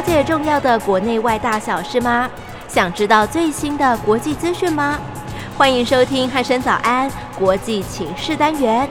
了解重要的國內外大小事嗎？想知道最新的國際資訊嗎？歡迎收聽《漢聲早安國際情勢單元》。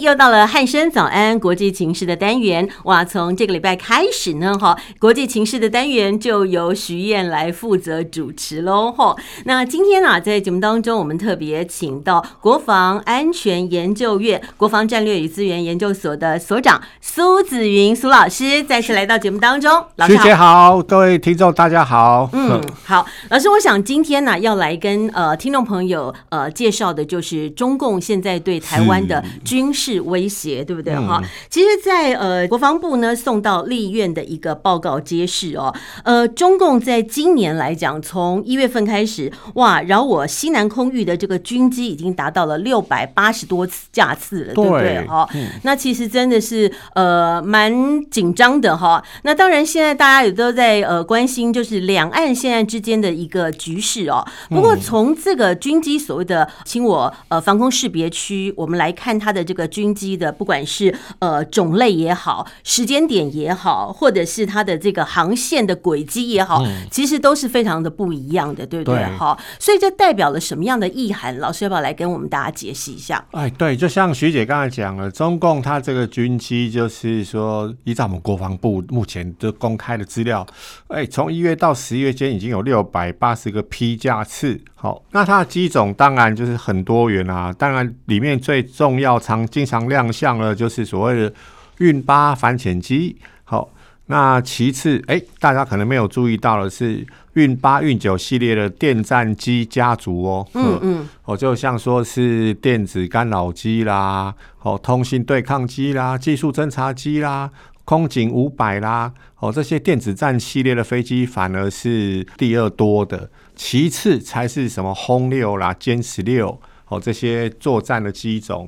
又到了漢聲早安國際情勢的單元哇！從這個禮拜開始呢，哈，國際情勢的單元就由徐燕來負責主持嘍，哈。那今天呢、啊，在節目當中，我們特別請到國防安全研究院國防戰略與資源研究所的所長蘇紫雲蘇老師再次來到節目當中。老師好。好，各位聽眾大家好。嗯，好，老師，我想今天呢、啊，要來跟呃聽眾朋友呃介紹的，就是中共現在對臺灣的軍事。是威脅，對不對？哈、嗯，其實在，在呃國防部呢送到立院的一個報告揭示哦，呃中共在今年來講，從一月份開始，哇，擾我西南空域的這個軍機已經達到了六百八十多次架次了，對，對不對？哈、哦，嗯、那其實真的是呃蠻緊張的哈、哦。那當然，現在大家也都在呃關心，就是兩岸現在之間的一個局勢哦。不過，從這個軍機所謂的、嗯、侵我呃防空識別區，我們來看它的這個軍機的，不管是呃種類也好，時間點也好，或者是它的這個航線的軌跡也好，嗯，其實都是非常的不一樣的，對不對？哈對，所以這代表了什麼樣的意涵？老師要不要來跟我們大家解釋一下？哎，對，就像徐姐剛才講了，中共它這個軍機，就是說，依照我們國防部目前的公開的資料，哎，從一月到十月間已經有六百八十個批架次。好，那它的機種當然就是很多元啦、啊。當然裡面最重要常、常經常亮相的，就是所謂的運八反潛機。好，那其次，哎、欸，大家可能沒有注意到的是運、運八、運九系列的電戰機家族哦。嗯嗯，哦，就像說是電子干擾機啦，哦，通信對抗機啦，技術偵察機啦，空警五百啦，哦，這些電子戰系列的飛機反而是第二多的。其次才是什麼轟六啦、殲十六哦，這些作戰的機種，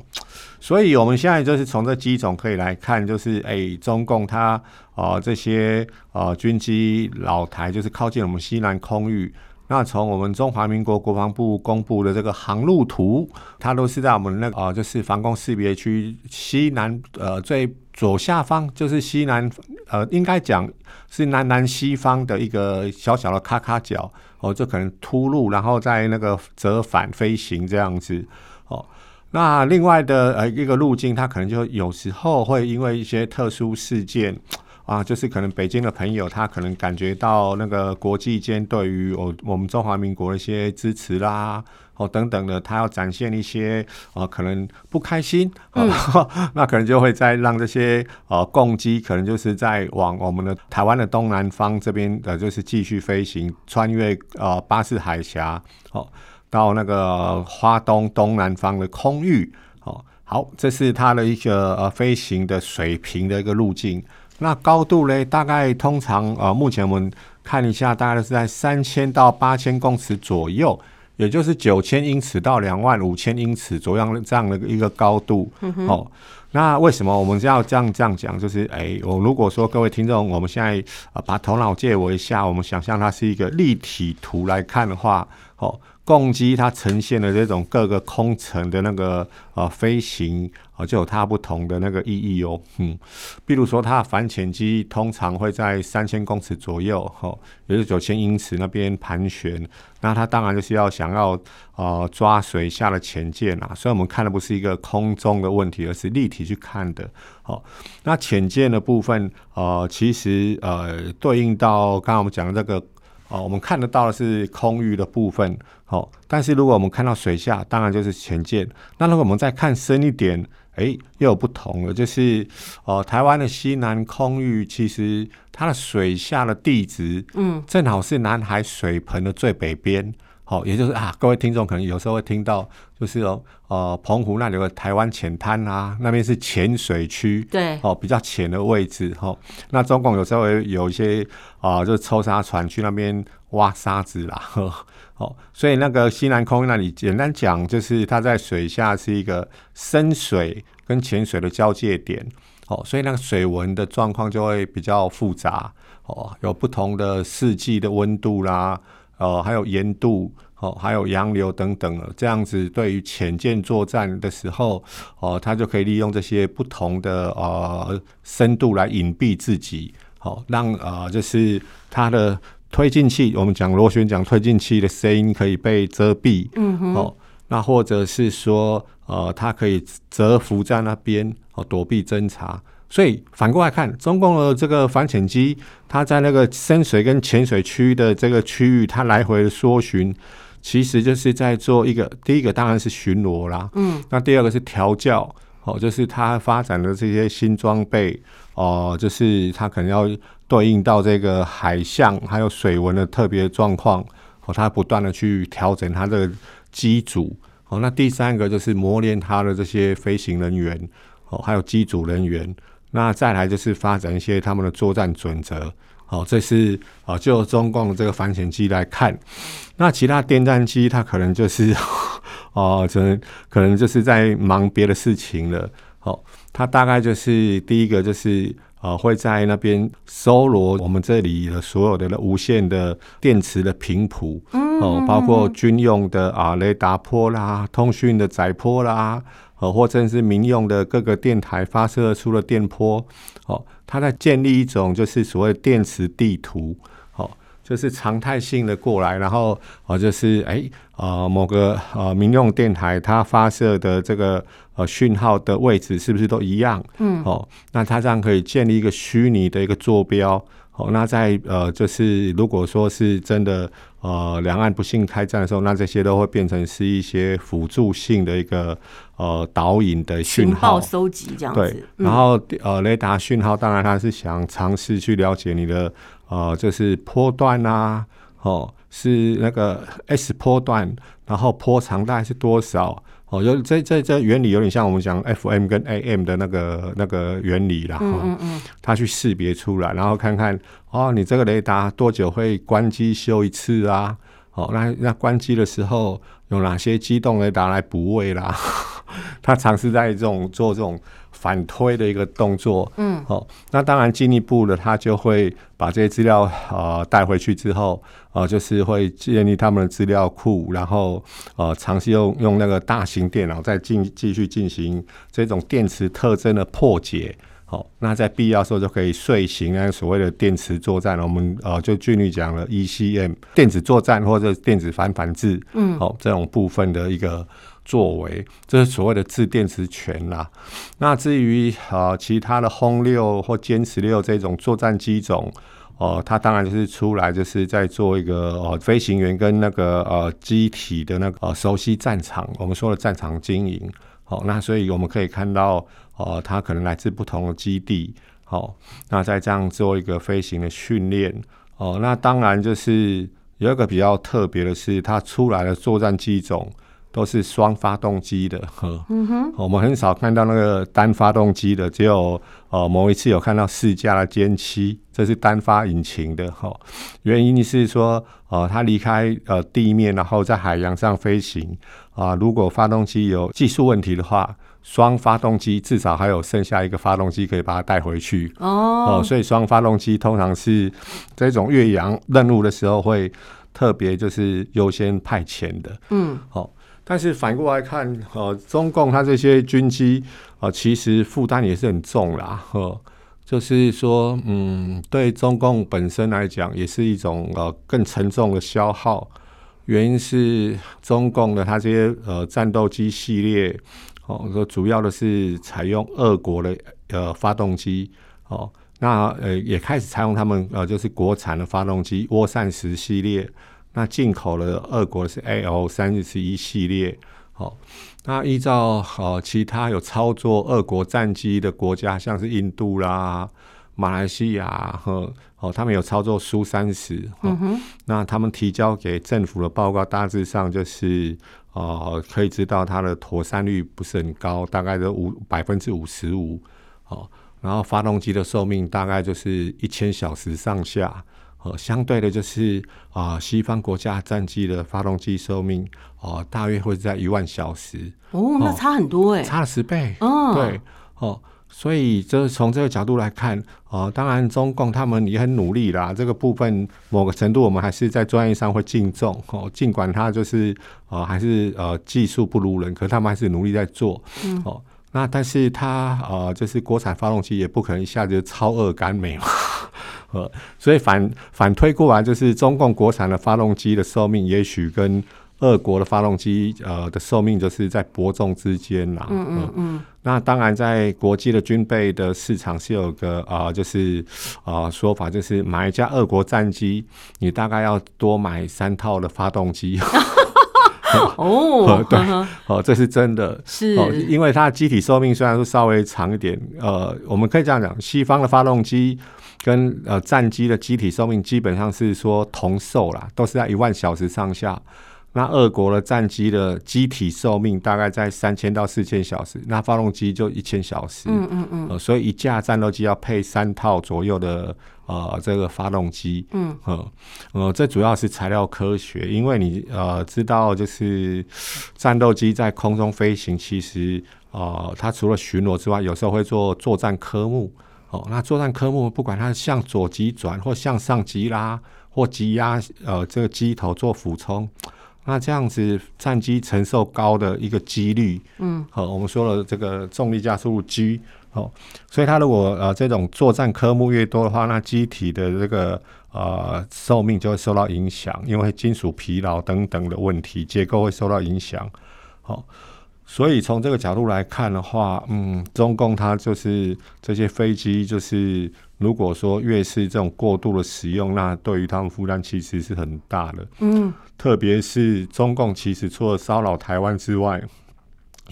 所以我們現在就是從這機種可以來看，就是誒、欸、中共它，呃、這些呃軍機老台就是靠近我們西南空域。那從我們中華民國國防部公布的這個航路圖，它都是在我們那個、呃、就是防空識別區西南呃最左下方，就是西南。呃，應該講是南南西方的一個小小的咔咔角哦，就可能突入，然後在那個折返飛行這樣子哦。那另外的呃一個路徑，它可能就有時候會因為一些特殊事件啊，就是可能北京的朋友他可能感覺到那個國際間對於我我們中華民國的一些支持啦。哦，等等的，它要展現一些啊、呃，可能不開心啊、呃嗯，那可能就會再讓這些呃，共機可能就是在往我們的台灣的東南方這邊呃，就是繼續飛行，穿越呃巴士海峽，哦、呃，到那個花東東南方的空域，哦、呃，好，這是它的一個呃飛行的水平的一個路徑。那高度呢，大概通常呃，目前我們看一下，大概是在三千到八千公尺左右。也就是九千英尺到兩萬五千英尺左右，這樣的一個高度，嗯、哼哦，那為什麼我們要這樣這樣講？就是，哎、欸，我如果說各位聽眾，我們現在啊把頭腦借我一下，我們想象它是一個立體圖來看的話，哦。共機它呈現的這種各個空層的那個呃飛行啊、呃，就有它不同的那個意義哦。嗯，比如說它的反潛機通常會在三千公尺左右，哦、也就是九千英尺那邊盤旋。那它當然就是要想要啊、呃、抓水下的潛艦啦。所以我們看的不是一個空中的問題，而是立體去看的。好、哦，那潛艦的部分啊、呃，其實呃對應到剛剛我們講的這個啊、呃，我們看得到的是空域的部分。哦，但是如果我們看到水下，當然就是潛艦。那如果我們再看深一點，哎、欸，又有不同了，就是哦、呃，台灣的西南空域，其實它的水下的地質，嗯，正好是南海水盆的最北邊。嗯哦，也就是啊，各位聽眾可能有時候會聽到，就是哦，呃，澎湖那裡有個台灣淺灘啦，那邊是淺水區，對，哦，比較淺的位置，吼、哦，那中共有時候有一些啊，就是抽沙船去那邊挖沙子啦，呵，好、哦，所以那個西南空那裡，簡單講就是它在水下是一個深水跟淺水的交界點，哦，所以那個水文的狀況就會比較複雜，哦，有不同的四季的溫度啦。哦，還有鹽度，哦，還有洋流等等了，這樣子對於潛艦作戰的時候，哦，它就可以利用這些不同的呃深度來隱蔽自己，好、哦，讓呃就是它的推進器，我們講螺旋槳推進器的聲音可以被遮蔽，嗯哼、哦，那或者是說呃，它可以蟄伏在那邊，哦，躲避偵查。所以反過來看，中共的這個反潛機，它在那個深水跟淺水區的這個區域，它來回的搜尋，其實就是在做一個第一個當然是巡邏啦，嗯，那第二個是調教，哦，就是它發展的這些新裝備，哦、呃，就是它可能要對應到這個海象還有水文的特別狀況，哦，它不斷的去調整它的機組，好、哦，那第三個就是磨練它的這些飛行人員，哦，還有機組人員。那再來就是發展一些他們的作戰準則，好、哦，這是啊、呃，就中共這個反潛機來看，那其他電戰機它可能就是，哦，可、呃、能可能就是在忙別的事情了，好、哦，它大概就是第一個就是啊、呃，會在那邊搜羅我們這裡的所有的無線的電池的頻譜，哦、呃，包括軍用的啊雷達波啦，通訊的載波啦。呃，或者是民用的各個電台發射出的電波，哦，它在建立一種就是所謂電磁地圖，哦，就是常態性的過來，然後，哦，就是誒、欸，呃，某個呃民用電台它發射的這個呃訊號的位置是不是都一樣？嗯，哦，那它這樣可以建立一個虛擬的一個坐標。好、哦，那在呃，就是如果說是真的，呃，兩岸不幸開戰的時候，那這些都會變成是一些輔助性的一個呃導引的訊號收集這樣子，對，然後、嗯、呃，雷達訊號當然它是想嘗試去了解你的呃，就是波段啊，哦，是那個 S 波段，然後波長大概是多少？哦，有，這這這原理有點像我們講 FM 跟 AM 的那個那個原理啦，哦、嗯，嗯，他去識別出來，然後看看哦，你這個雷達多久會關機修一次啊？哦，那那關機的時候有哪些機動雷達來補位啦？他嘗試在這種做這種。反推的一個動作，嗯，好、哦，那當然進一步的，他就會把這些資料啊帶、呃、回去之後，啊、呃，就是會建立他們的資料庫，然後呃，嘗試用用那個大型電腦再進繼續進行這種電磁特徵的破解，好、哦，那在必要的時候就可以遂行啊所謂的電磁作戰，我們呃就舉例講了 ECM 電子作戰或者電子反反制，嗯，好、哦，這種部分的一個。作為，這是所謂的制電磁權啦。那至於啊、呃、其他的轟六或殲十六這種作戰機種，哦、呃，它當然就是出來就是在做一個哦、呃、飛行員跟那個呃機體的那個、呃、熟悉戰場，我們說的戰場經營。好、哦，那所以我們可以看到，哦、呃，它可能來自不同的基地。好、哦，那在這樣做一個飛行的訓練。哦，那當然就是有一個比較特別的是，它出來的作戰機種。都是雙發動機的，嗯，嗯哼、哦，我們很少看到那個單發動機的，只有呃某一次有看到四架的殲七，這是單發引擎的、哦、原因是說，呃，它離開呃地面，然後在海洋上飛行啊，如果發動機有技術問題的話，雙發動機至少還有剩下一個發動機可以把它帶回去哦、呃。所以雙發動機通常是這種越洋任務的時候會特別就是優先派遣的，嗯，好、嗯。但是反過來看，呃，中共它這些軍機，呃，其實負擔也是很重啦，呵，就是說，嗯，對中共本身來講，也是一種呃更沉重的消耗。原因是中共的它這些呃戰鬥機系列，哦，呃，說主要的是採用俄國的呃發動機，哦，呃，那呃也開始採用他們呃就是國產的發動機渦扇十系列。那進口的俄國是 AL-31 系列，哦，那依照呃其他有操作俄國戰機的國家，像是印度啦、馬來西亞和哦，他們有操作蘇30，、嗯、哼那他們提交給政府的報告，大致上就是哦可以知道它的妥善率不是很高，大概都五百分之五十五，哦，然後發動機的壽命大概就是一千小時上下。呃、相對的就是啊、呃，西方國家戰機的發動機壽命哦、呃，大約會在一萬小時。哦，那、呃、差很多哎、欸，差了十倍。嗯、哦、對，哦、呃，所以就是從這個角度來看，啊、呃，當然中共他們也很努力啦。這個部分某個程度我們還是在專業上會敬重哦，儘、呃、管他就是啊、呃，還是呃技術不如人，可是他們還是努力在做。呃、嗯。哦、呃，那但是他呃就是國產發動機也不可能一下子就超英趕美嘛。 所以反反推過來就是，中共國產的發動機的壽命，也許跟俄國的發動機呃的壽命就是在伯仲之間啦。嗯嗯嗯。那當然，在國際的軍備的市場是有個啊、呃，就是啊、呃、說法，就是買一架俄國戰機，你大概要多買三套的發動機。哦， 對，哦、呃，這是真的。是，因為它的機體壽命雖然說稍微長一點，呃，我們可以這樣講，西方的發動機。跟呃戰機的機體壽命基本上是說同壽啦，都是在一萬小時上下。那俄國的戰機的機體壽命大概在三千到四千小時，那發動機就一千小時。嗯嗯嗯、呃。所以一架戰鬥機要配三套左右的呃這個發動機。嗯。呃呃，這主要是材料科學，因為你呃知道就是戰鬥機在空中飛行，其實呃它除了巡邏之外，有時候會做作戰科目。哦，那作戰科目不管它向左急轉，或向上急拉，或急壓，呃，這個機頭做俯衝，那這樣子戰機承受高的一個幾率，嗯，好、哦，我們說了這個重力加速度 G，哦，所以它如果呃這種作戰科目越多的話，那機體的這個呃壽命就會受到影響，因為金屬疲勞等等的問題，結構會受到影響，好、哦。所以從這個角度來看的話，嗯，中共它就是這些飛機，就是如果說越是這種過度的使用，那對於他們負擔其實是很大的。嗯，特別是中共其實除了騷擾臺灣之外，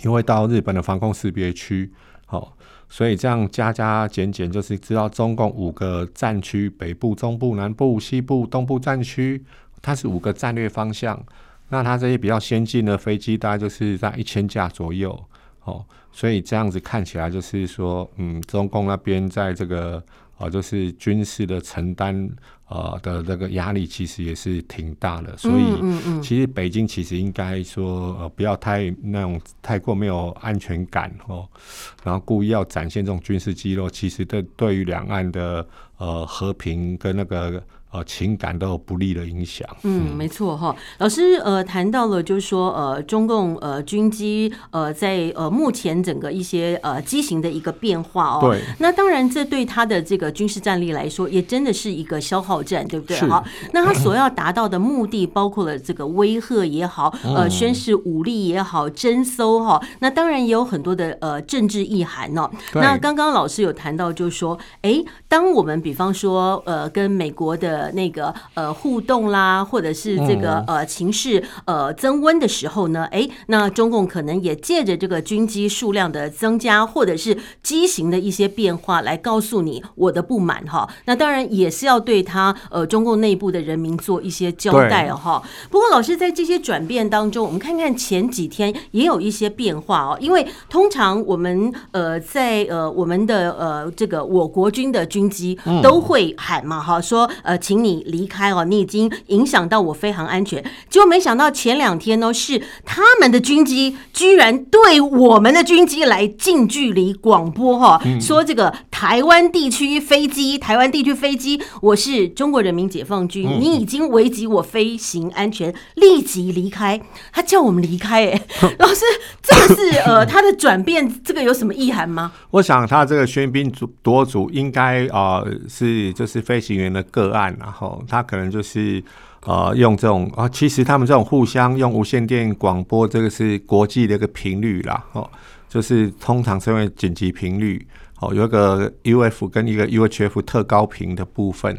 因為到日本的防空識別區，好、哦，所以這樣加加減減，就是知道中共五個戰區：北部、中部、南部、西部、東部戰區，它是五個戰略方向。那它這些比較先進的飛機，大概就是在一千架左右，哦，所以這樣子看起來就是說，嗯，中共那邊在這個，哦，就是軍事的承擔。呃的那個壓力其實也是挺大的，所以嗯嗯，其實北京其實應該說呃不要太那種太過沒有安全感哦，然後故意要展現這種軍事肌肉，其實對對於兩岸的呃和平跟那個呃情感都有不利的影響，嗯。嗯，沒錯哈，哦，老師呃談到了就是說呃中共呃軍機呃在呃目前整個一些呃機型的一個變化哦，對。那當然這對他的這個軍事戰力來說也真的是一個消耗。戰對不對？嗯、好，那他所要達到的目的，包括了這個威嚇也好，嗯、呃，宣示武力也好，偵搜哈，那當然也有很多的呃政治意涵呢、哦。對那剛剛老師有談到，就是說，哎、欸，當我們比方說呃跟美國的那個呃互動啦，或者是這個、嗯、呃情勢呃增溫的時候呢，哎、欸，那中共可能也借着這個軍機數量的增加，或者是機型的一些變化，來告訴你我的不滿哈。那當然也是要對他。呃，中共內部的人民做一些交代哈對、哦。不過，老師在這些轉變當中，我們看看前幾天也有一些變化哦。因為通常我們呃，在呃我們的呃這個我國軍的軍機都會喊嘛哈，說呃請你離開哦，你已經影響到我飛航安全。結果沒想到前兩天呢、哦，是他們的軍機居然對我們的軍機來近距離廣播哈、哦，嗯、說這個台灣地區飛機，台灣地區飛機，我是。中國人民解放軍，你已經危及我飛行安全，嗯、立即離開。他叫我們離開，哎， 老師，這個是呃，他的轉變，這個有什麼意涵嗎？我想他這個喧賓奪主應該，應該啊是就是飛行員的個案，然後他可能就是啊、呃、用這種啊，其實他們這種互相用無線電廣播，這個是國際的一個頻率啦，哦，就是通常稱為緊急頻率，哦，有一個 UF 跟一個 UHF 特高頻的部分。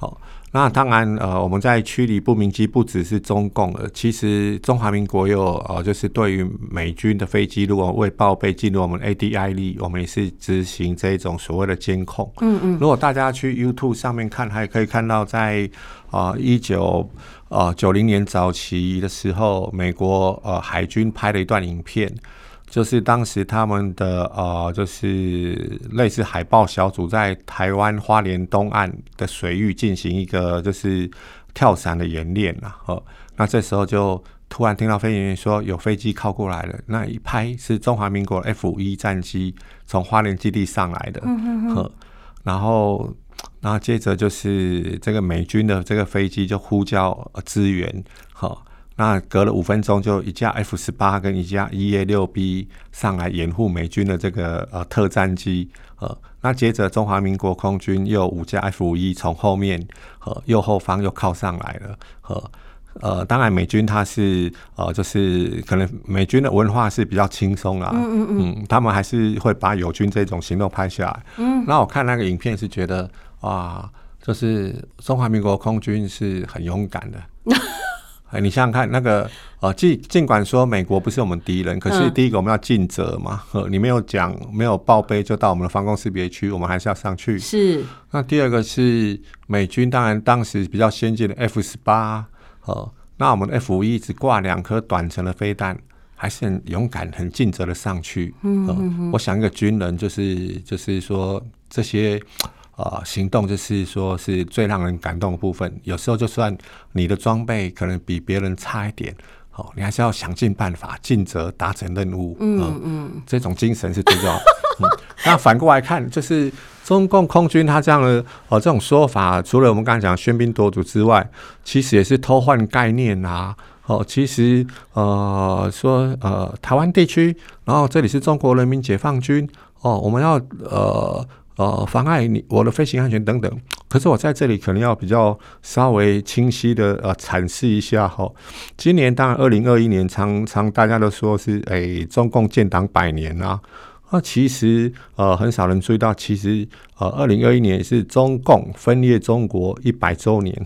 哦，那當然，呃，我們在驅離不明機，不只是中共，其實中華民國有，呃，就是對於美軍的飛機，如果未報備進入我們 ADIZ，我們也是執行這一種所謂的監控。嗯嗯，如果大家去 YouTube 上面看，還可以看到在啊一九啊九零年早期的時候，美國呃海軍拍了一段影片。就是當時他們的呃，就是類似海豹小組在台灣花蓮東岸的水域進行一個就是跳傘的演練啦，那這時候就突然聽到飛行員說有飛機靠過來了，那一拍是中華民國 F 五一戰機從花蓮基地上來的，嗯嗯嗯呵，然後，然後接着就是這個美軍的這個飛機就呼叫支援，哈。那隔了五分鐘，就一架 F 十八跟一架 EA 六 B 上來掩護美軍的這個呃特戰機，呃，那接着中華民國空軍又五架 F 51從後面和右後方又靠上來了，呃，當然美軍他是呃，就是可能美軍的文化是比較輕鬆啦，嗯嗯，他們還是會把友軍這種行動拍下來，嗯，那我看那個影片是覺得哇，就是中華民國空軍是很勇敢的。 哎，你想想看，那個呃、儘儘管說美國不是我們敵人，可是第一個我們要盡責嘛、嗯呵。你沒有講，沒有報備就到我們的防空識別區，我們還是要上去。是。那第二個是美軍，當然當時比較先進的 F 18，呃，那我們的 F-5 只掛兩顆短程的飛彈，還是很勇敢、很盡責的上去。呃、嗯，嗯，嗯，我想一個軍人就是就是說這些。呃，行動就是說是最讓人感動的部分。有時候就算你的裝備可能比別人差一點，哦，你還是要想盡辦法盡責達成任務、嗯。嗯嗯，這種精神是最重要的、嗯。 那反過來看，就是中共空軍他這樣的哦這種說法，除了我們剛才講的喧賓奪主之外，其實也是偷換概念哦、啊，其實呃說呃台灣地區，然後這裡是中國人民解放軍哦，我們要呃。呃，妨礙你我的飛行安全等等。可是我在這裡可能要比較稍微清晰的呃闡釋一下哈。今年當然二零二一年，常常大家都說是誒、欸、中共建黨百年吶。那其實呃很少人注意到，其實呃二零二一年是中共分裂中國一百周年，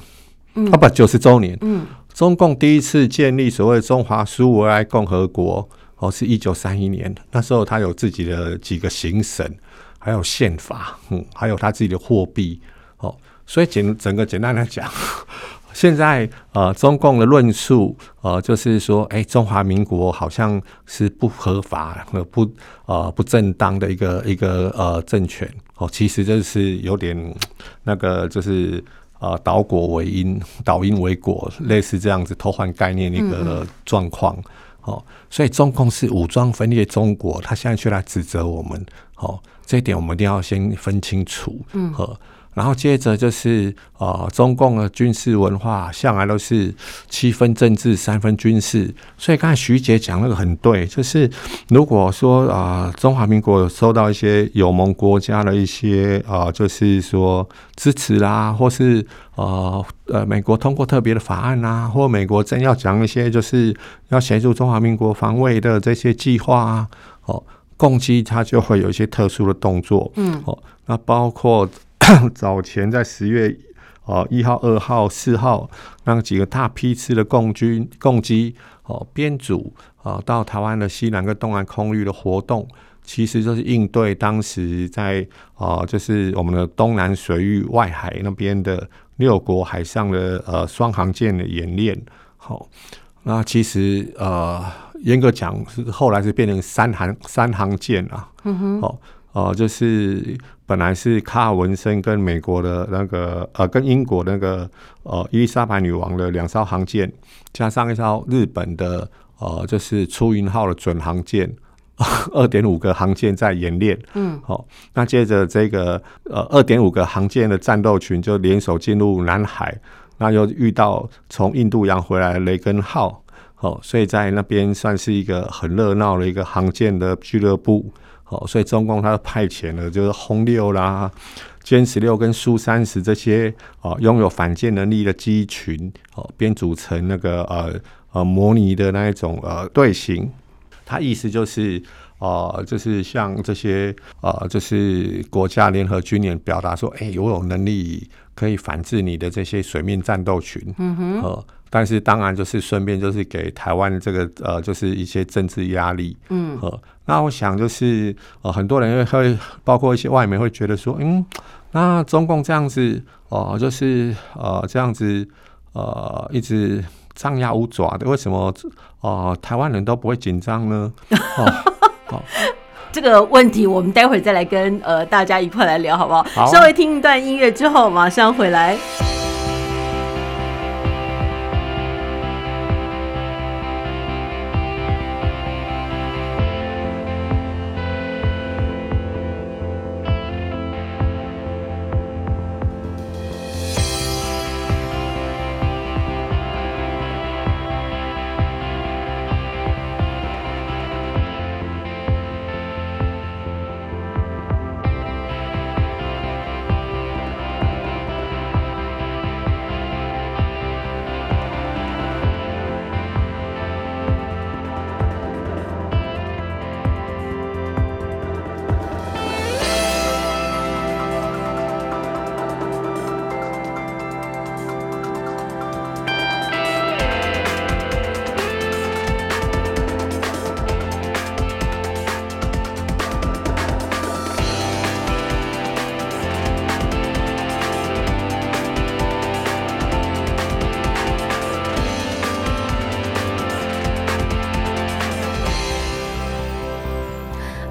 啊不九十周年。嗯，中共第一次建立所謂中華蘇維埃共和國哦，是一九三一年，那時候他有自己的幾個行省。還有憲法，嗯，還有他自己的貨幣，哦，所以簡整個簡單來講，現在啊、呃，中共的論述，呃，就是說，哎、欸，中華民國好像是不合法、呃不呃不正當的一個一個呃政權，哦，其實就是有點那個就是啊，倒、呃、果為因，倒因為果，類似這樣子偷換概念那個狀況。嗯嗯好，所以中共是武裝分裂中國，他現在卻來指責我們。好，這一點我們一定要先分清楚。嗯，好。然後接着就是，呃，中共的軍事文化向來都是七分政治，三分軍事。所以剛才徐杰講那個很對，就是如果說啊、呃，中華民國有受到一些友盟國家的一些、呃、就是說支持啦、啊，或是呃，呃，美國通過特別的法案啦、啊，或美國真要講一些，就是要協助中華民國防衛的這些計劃啊，哦、呃，共軍他就會有一些特殊的動作。嗯，哦、呃，那包括。早前在十月啊一號、二號、四號，那幾個大批次的共軍、共機哦編組啊，呃，到台灣的西南跟東南空域的活動，其實就是應對當時在啊，呃，就是我們的東南水域、外海那邊的六國海上的呃雙航艦的演練。好，呃，那其實呃，嚴格講是後來是變成三航三航艦啊。嗯哼。呃，就是。本來是卡爾文森跟美國的那個呃，跟英國那個呃伊麗莎白女王的兩艘航艦，加上一艘日本的呃，就是出雲號的準航艦，二點五個航艦在演練。嗯，好，哦，那接着這個呃二點五個航艦的戰鬥群就聯手進入南海，那又遇到從印度洋回來的雷根號，哦，所以在那邊算是一個很熱鬧的一個航艦的俱樂部。所以中共他派遣了就是轟六啦、殲十六跟蘇三十這些啊，擁有反艦能力的機群哦，編組成那個呃呃模擬的那一種呃隊形。他意思就是呃就是像這些呃就是國家聯合軍演，表達說，哎，我有有能力可以反制你的這些水面戰鬥群。嗯哼。呃，但是當然就是順便就是給台灣這個呃，就是一些政治壓力、呃。嗯。和、呃那我想就是，呃，很多人會包括一些外媒會覺得說，嗯，那中共這樣子，哦、呃，就是，呃，這樣子，呃，一直張牙舞爪的，為什麼，呃，台灣人都不會緊張呢？ 啊啊、這個問題我們待會再來跟呃大家一塊來聊好不好？好，稍微聽一段音樂之後馬上回來。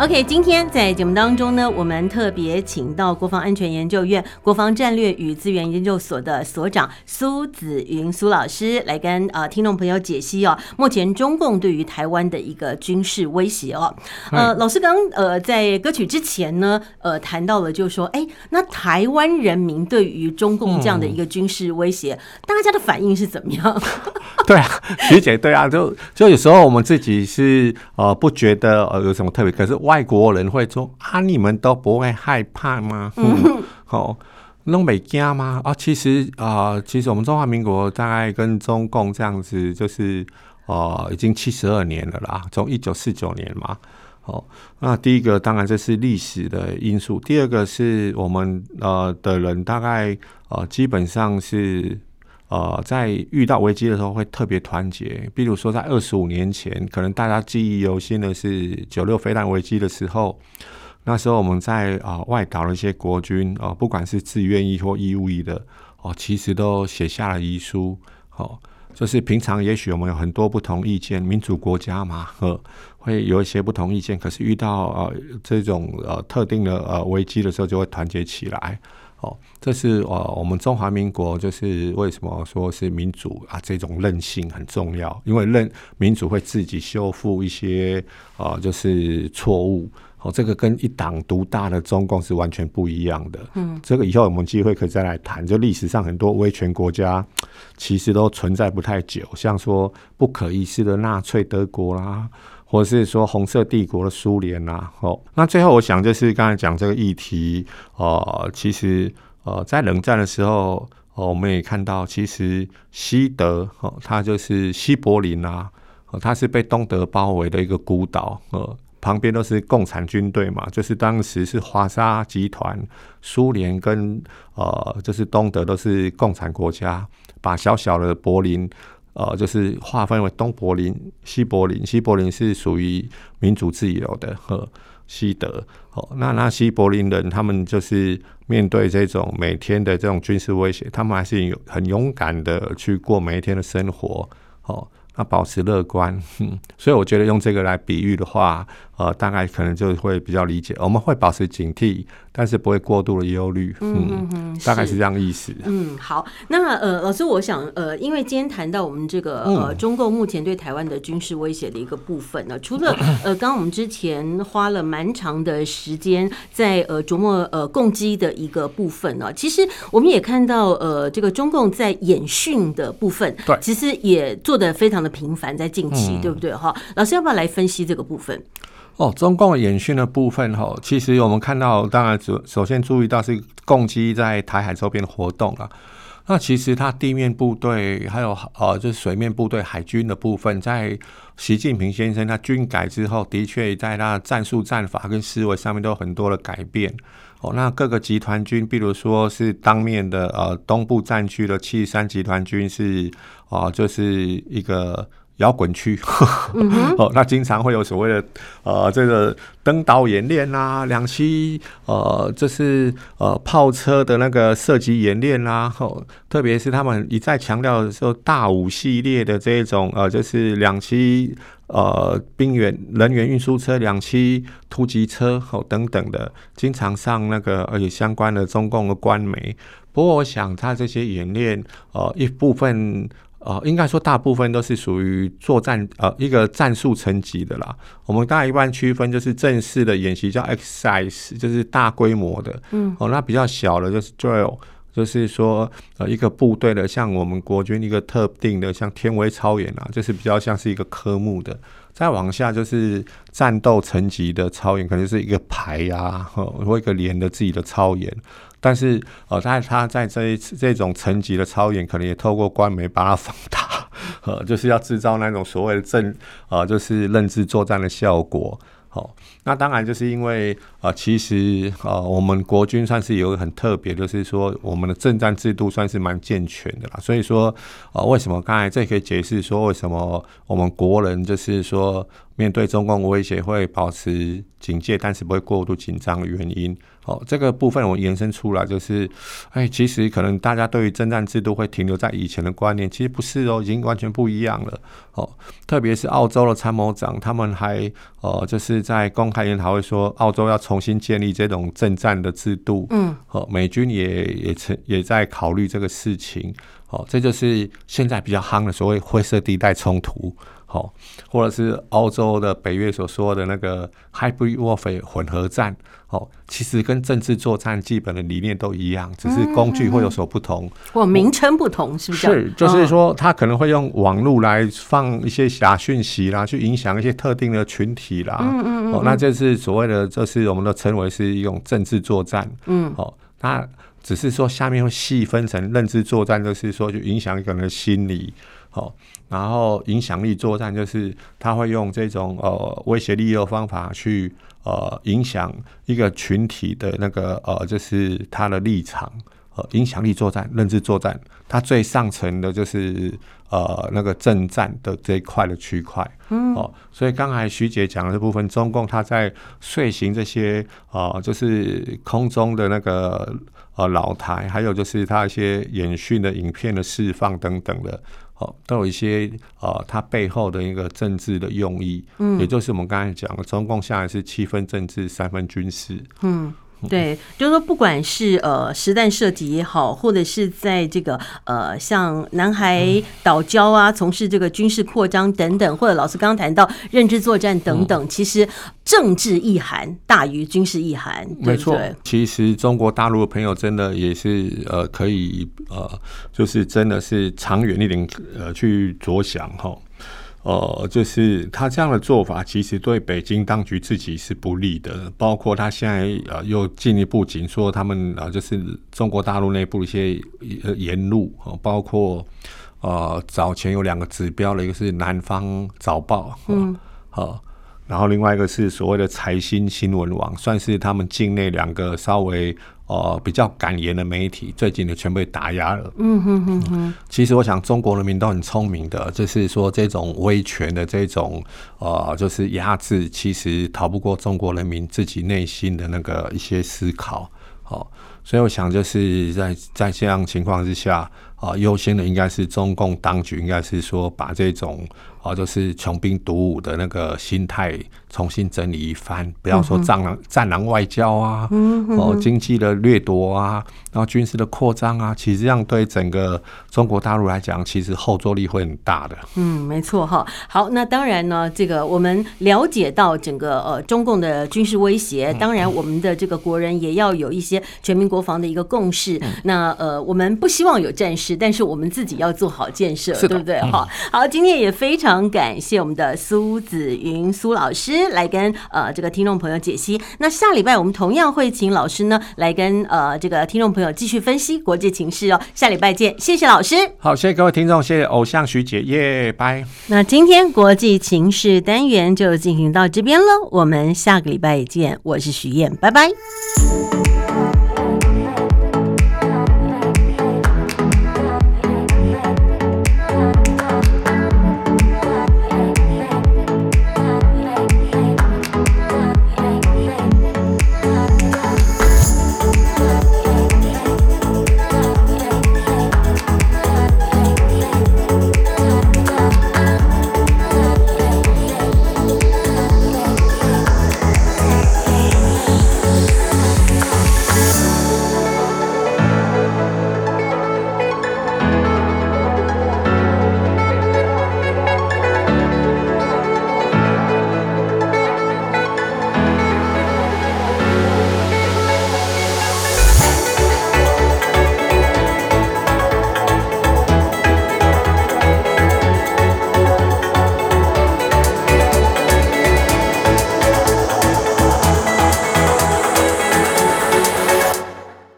OK，今天在節目當中呢，我們特別請到國防安全研究院國防戰略與資源研究所的所長蘇紫雲蘇老師來跟啊、呃、聽眾朋友解析哦，目前中共對於台灣的一個軍事威脅哦。呃，嗯、老師剛呃在歌曲之前呢，呃談到了，就是說，哎、欸，那台灣人民對於中共這樣的一個軍事威脅，嗯、大家的反應是怎麼樣？嗯、 對啊，學姐，對啊，就就有時候我們自己是呃不覺得呃有什麼特別，可是外。外國人會說啊，你們都不會害怕嗎？好、嗯，攏袂驚嗎？啊，其實啊、呃，其實我們中華民國大概跟中共這樣子，就是、呃、已經七十二年了啦，從一九四九年嘛。好、呃，那第一個當然這是歷史的因素，第二個是我們呃的人大概、呃、基本上是。呃，在遇到危機的時候會特別團結。比如說，在二十五年前，可能大家記憶猶新的是九六飛彈危機的時候，那時候我們在啊、呃、外島的一些國軍啊、呃，不管是自願役或義務役的哦、呃，其實都寫下了遺書。哦、呃，就是平常也許我們有很多不同意見，民主國家嘛，呵會有一些不同意見。可是遇到呃這種呃特定的呃危機的時候，就會團結起來。哦，這是我們中華民國就是為什麼說是民主啊，這種韌性很重要，因為任民主會自己修復一些啊，就是錯誤。哦，這個跟一黨獨大的中共是完全不一樣的。嗯，這個以後我們機會可以再來談。就歷史上很多威權國家，其實都存在不太久，像說不可一世的納粹德國啦。或是說紅色帝國的蘇聯吶，那最後我想就是剛才講這個議題，呃，其實，呃，在冷戰的時候，呃，我們也看到，其實西德，哦，呃，它就是西柏林，啊呃，它是被東德包圍的一個孤島，呃，旁邊都是共產軍隊嘛，就是當時是華沙集團，蘇聯跟呃，就是東德都是共產國家，把小小的柏林。呃，就是劃分為東柏林、西柏林。西柏林是屬於民主自由的和西德。好，那那西柏林人他們就是面對這種每天的這種軍事威脅，他們還是有很勇敢的去過每一天的生活。好，那保持樂觀、嗯。所以我覺得用這個來比喻的話。呃，大概可能就會比較理解，我們會保持警惕，但是不會過度的憂慮。嗯，嗯是大概是這樣意思。嗯，好，那呃，老師，我想呃，因為今天談到我們這個、嗯、呃中共目前對台灣的軍事威脅的一個部分呢、呃，除了呃，剛剛我們之前花了蠻長的時間在呃琢磨呃共機的一個部分呢、呃，其實我們也看到呃這個中共在演訓的部分，對，其實也做得非常的頻繁，在近期，嗯、對不對？哈，老師要不要來分析這個部分？哦，中共演訓的部分，吼，其實我們看到，當然首首先注意到是共機，在台海周邊的活動了、啊。那其實他地面部隊還有呃，就是水面部隊海軍的部分，在習近平先生他軍改之後，的確在他的戰術戰法跟思維上面都有很多的改變。哦，那各個集團軍，比如說是當面的呃東部戰區的七十三集團軍是啊、呃，就是一個。不要滾去、 mm hmm. 哦，那經常會有所謂的，呃，這個登島演練啊兩棲，呃，就是呃炮車的那個射擊演練啦、啊呃，特別是他們一再強調的時候，大五系列的這種，呃，就是兩棲，呃，兵員人員運輸車、兩棲突擊車，好、呃、等等的，經常上那個，而且相關的中共的官媒。不過，我想他這些演練，呃，一部分。呃，應該說大部分都是屬於作戰呃一個戰術層級的啦。我們大概一般區分就是正式的演習叫 exercise，就是大規模的。嗯，哦，那比較小的就是 drill，就是說呃一個部隊的，像我們國軍一個特定的，像天威操演啊，就是比較像是一個科目的。再往下就是戰鬥層級的操演，可能是一個排啊或一個連的自己的操演。但是，呃，他他在這一次這一種層級的操演，可能也透過官媒把它放大，呃，就是要制造那種所謂的政，呃，就是認知作戰的效果。好、喔，那當然就是因為，呃，其實，呃，我們國軍算是有很特別，就是說我們的政戰制度算是蠻健全的啦。所以說，呃，為什麼剛才這可以解釋說，為什麼我們國人就是說面對中共威脅會保持警戒，但是不會過度緊張的原因？哦，這個部分我延伸出來就是、哎，其實可能大家對於政戰制度會停留在以前的觀念，其實不是哦，已經完全不一樣了。哦，特別是澳洲的參謀長，他們還呃，就是在公開研討會說，澳洲要重新建立這種政戰的制度。嗯、哦。美軍也也也在考慮這個事情。哦，這就是現在比較夯的所謂灰色地帶衝突。好，或者是歐洲的北約所說的那個 hybrid warfare 混合戰，好，其實跟政治作戰基本的理念都一樣，只是工具會有所不同，或、嗯、名稱不同，是不是？是，就是說，他可能會用網絡來放一些假訊息啦，嗯、去影響一些特定的群體啦。嗯嗯哦，嗯那就是所謂的，就是我們都稱為是一種政治作戰。嗯。哦，那只是說下面會細分成認知作戰，就是說，就影響一個人的心理。好，喔，然後影響力作戰就是他會用這種呃威脅利誘的方法去呃影響一個群體的那個呃就是他的立場。呃，影響力作戰、認知作戰，它最上層的就是呃那個政戰的這一塊的區塊。嗯。好，所以剛才徐姐講的這部分，中共他在遂行這些呃，就是空中的那個呃老台，還有就是他一些演訓的影片的釋放等等的。都有一些呃，它背後的一個政治的用意，也就是我們剛才講的，中共下來是七分政治，三分軍事，對，就是說，不管是呃實彈射擊也好，或者是在這個呃像南海島礁啊，從事這個軍事擴張等等，或者老師剛剛談到認知作戰等等，嗯、其實政治意涵大於軍事意涵。對不對？沒錯，其實中國大陸的朋友真的也是呃可以呃，就是真的是長遠一點呃去着想哈。呃，就是他這樣的做法，其實對北京當局自己是不利的。包括他現在呃，又進一步緊縮他們啊、呃，就是中國大陸內部一些呃言論，包括呃早前有兩個指標的一個是南方早報、啊，嗯，好，然後另外一個是所謂的財新新聞網，算是他們境內兩個稍微。呃，比較敢言的媒體，最近的全被打壓了。嗯哼哼哼。其實我想，中國人民都很聰明的，就是說這種威權的這種，呃，就是壓制，其實逃不過中國人民自己內心的那個一些思考。好，所以我想，就是在在這樣情況之下。啊，優、呃、先的應該是中共當局，應該是說把這種啊、呃，就是窮兵黷武的那個心態重新整理一番。不要說戰狼、戰狼外交啊，嗯，哦、嗯嗯呃，經濟的掠奪啊，然後軍事的擴張啊，其實這樣對整個中國大陸來講，其實後坐力會很大的。嗯，沒錯哈。好，那當然呢，這個我們了解到整個呃中共的軍事威脅，當然我們的這個國人也要有一些全民國防的一個共識。嗯、那呃，我們不希望有戰事。但是我們自己要做好建設，的對不對？哈、嗯，好，今天也非常感謝我們的蘇紫雲蘇老師來跟呃這個聽眾朋友解析。那下禮拜我們同樣會請老師呢來跟呃這個聽眾朋友繼續分析國際情勢哦。下禮拜見，謝謝老師。好，謝謝各位聽眾，謝謝偶像徐姐，耶、yeah，拜。那今天國際情勢單元就進行到這邊嘍，我們下個禮拜見，我是徐燕，拜拜。